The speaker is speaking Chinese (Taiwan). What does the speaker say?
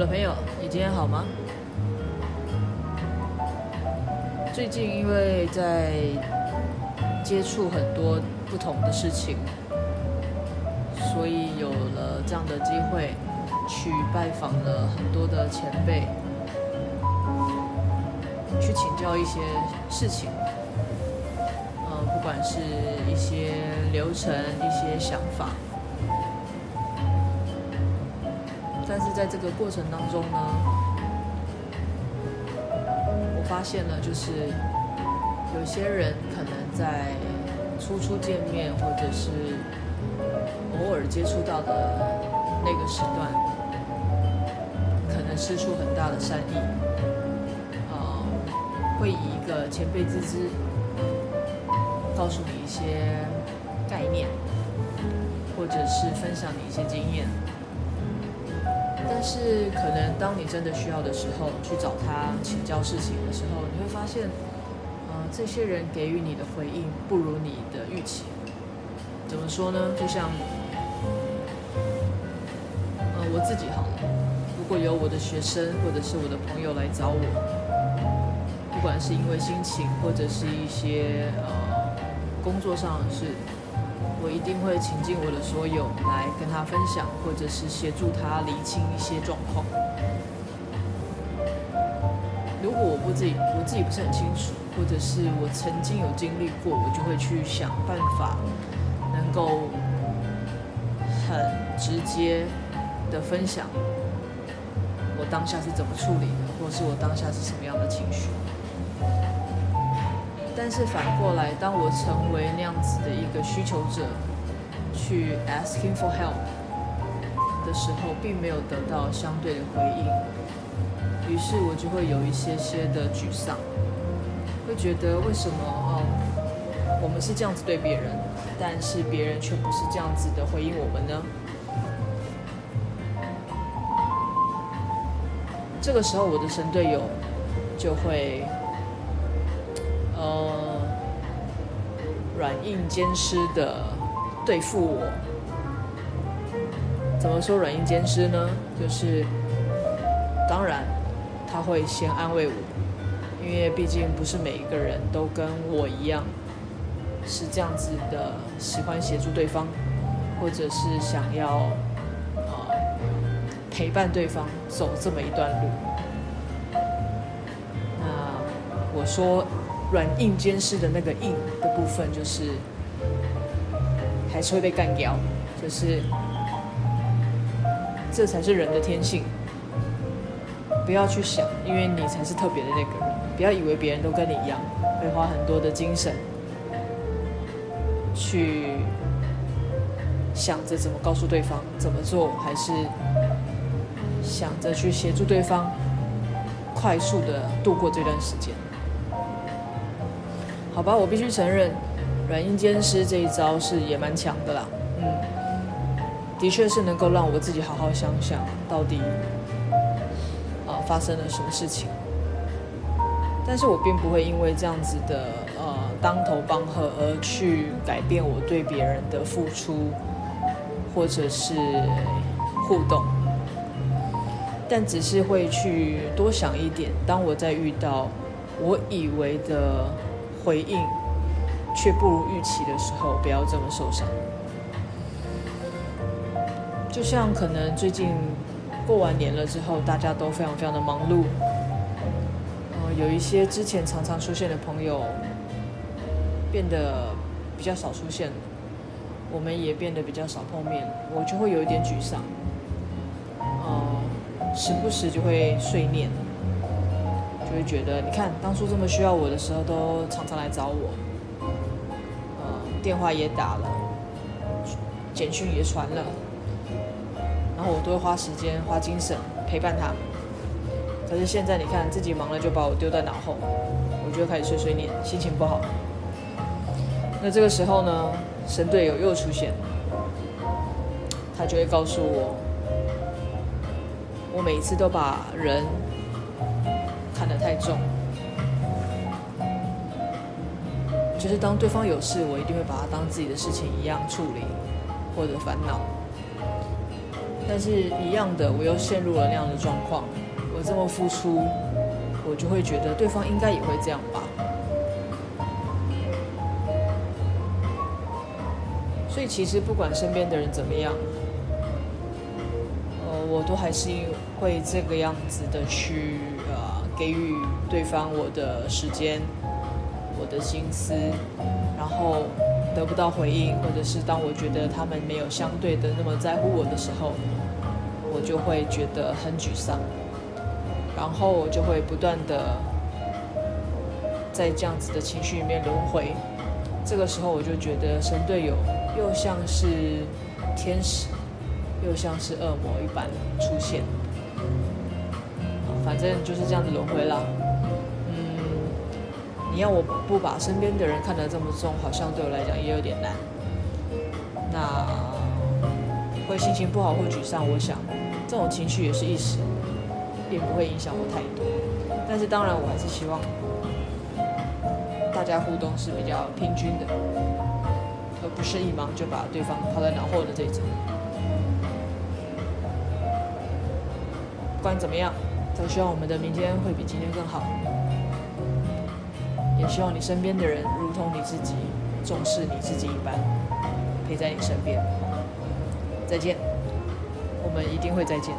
老朋友，你今天好嗎？最近因為在接觸很多不同的事情，所以有了這樣的機會，去拜訪了很多的前輩，去請教一些事情。呃，不管是一些流程，一些想法。但是在這個過程當中呢，我發現了，就是有些人可能在初初見面或者是偶爾接觸到的那個時段，可能施出很大的善意，呃、嗯，會以一個前輩之姿，告訴你一些概念，或者是分享你一些經驗。但是，可能當你真的需要的時候去找他請教事情的時候，你會發現，呃，這些人給予你的回應不如你的預期。怎麼說呢？就像，呃，我自己好了，如果有我的學生或者是我的朋友來找我，不管是因為心情或者是一些呃工作上的事。我一定會傾盡我的所有來跟他分享，或者是協助他理清一些狀況。如果我不自己，我自己不是很清楚，或者是我曾經有經歷過，我就會去想辦法，能夠很直接的分享我當下是怎麼處理的，或是我當下是什麼樣的情緒。但是反過來，當我成為那樣子的一個需求者，去 asking for help 的時候，並沒有得到相對的回應，於是我就會有一些些的沮喪，會覺得為什麼哦、嗯，我們是這樣子對別人，但是別人卻不是這樣子的回應我們呢？這個時候，我的神隊友就會。呃，軟硬兼施的對付我。怎麼說軟硬兼施呢？就是，當然他會先安慰我，因為畢竟不是每一個人都跟我一樣是這樣子的，喜歡協助對方，或者是想要、呃、陪伴對方走這麼一段路。那我說。軟硬兼施的那個硬的部分，就是還是會被幹掉，就是這才是人的天性。不要去想，因為你才是特別的那個人。不要以為別人都跟你一樣，會花很多的精神去想着怎麼告訴對方怎麼做，還是想着去協助對方快速的度過這段時間。好吧，我必須承認，軟硬兼施這一招是也蠻強的啦。嗯，的確是能夠讓我自己好好想想，到底啊、呃、發生了什麼事情。但是我並不會因為這樣子的呃當頭棒喝而去改變我對別人的付出或者是互動，但只是會去多想一點。當我在遇到我以為的回應卻不如預期的時候，不要這麼受傷。就像可能最近過完年了之後，大家都非常非常的忙碌，呃，有一些之前常常出現的朋友變得比較少出現，我們也變得比較少碰面，我就會有一點沮喪，呃，時不時就會碎念。就會覺得，你看當初這麼需要我的時候，都常常來找我，呃，電話也打了，簡訊也傳了，然後我都會花時間花精神陪伴他。可是現在你看，自己忙了就把我丟在腦後，我就開始碎碎念，心情不好。那這個時候呢，神隊友又出現，他就會告訴我，我每一次都把人。看得太重，就是當對方有事，我一定會把他當自己的事情一樣處理或者煩惱。但是，一樣的，我又陷入了那樣的狀況。我這麼付出，我就會覺得對方應該也會這樣吧。所以，其實不管身邊的人怎麼樣，呃，我都還是會這個樣子的去，呃給予對方我的時間，我的心思，然後得不到回應，或者是當我覺得他們沒有相對的那麼在乎我的時候，我就會覺得很沮喪，然後我就會不斷的在這樣子的情緒裡面輪迴。這個時候，我就覺得神隊友又像是天使，又像是惡魔一般出現。反正就是這樣子輪迴啦。嗯，你要我不把身邊的人看得這麼重，好像對我來講也有點難。那會心情不好或沮喪，我想這種情緒也是一時，並不會影響我太多。嗯，但是當然，我還是希望大家互動是比較平均的，而不是一忙就把對方拋在腦後的這一種。不管怎麼樣，我希望我們的明天會比今天更好，也希望你身邊的人如同你自己重視你自己一般，陪在你身邊。再見，我們一定會再見。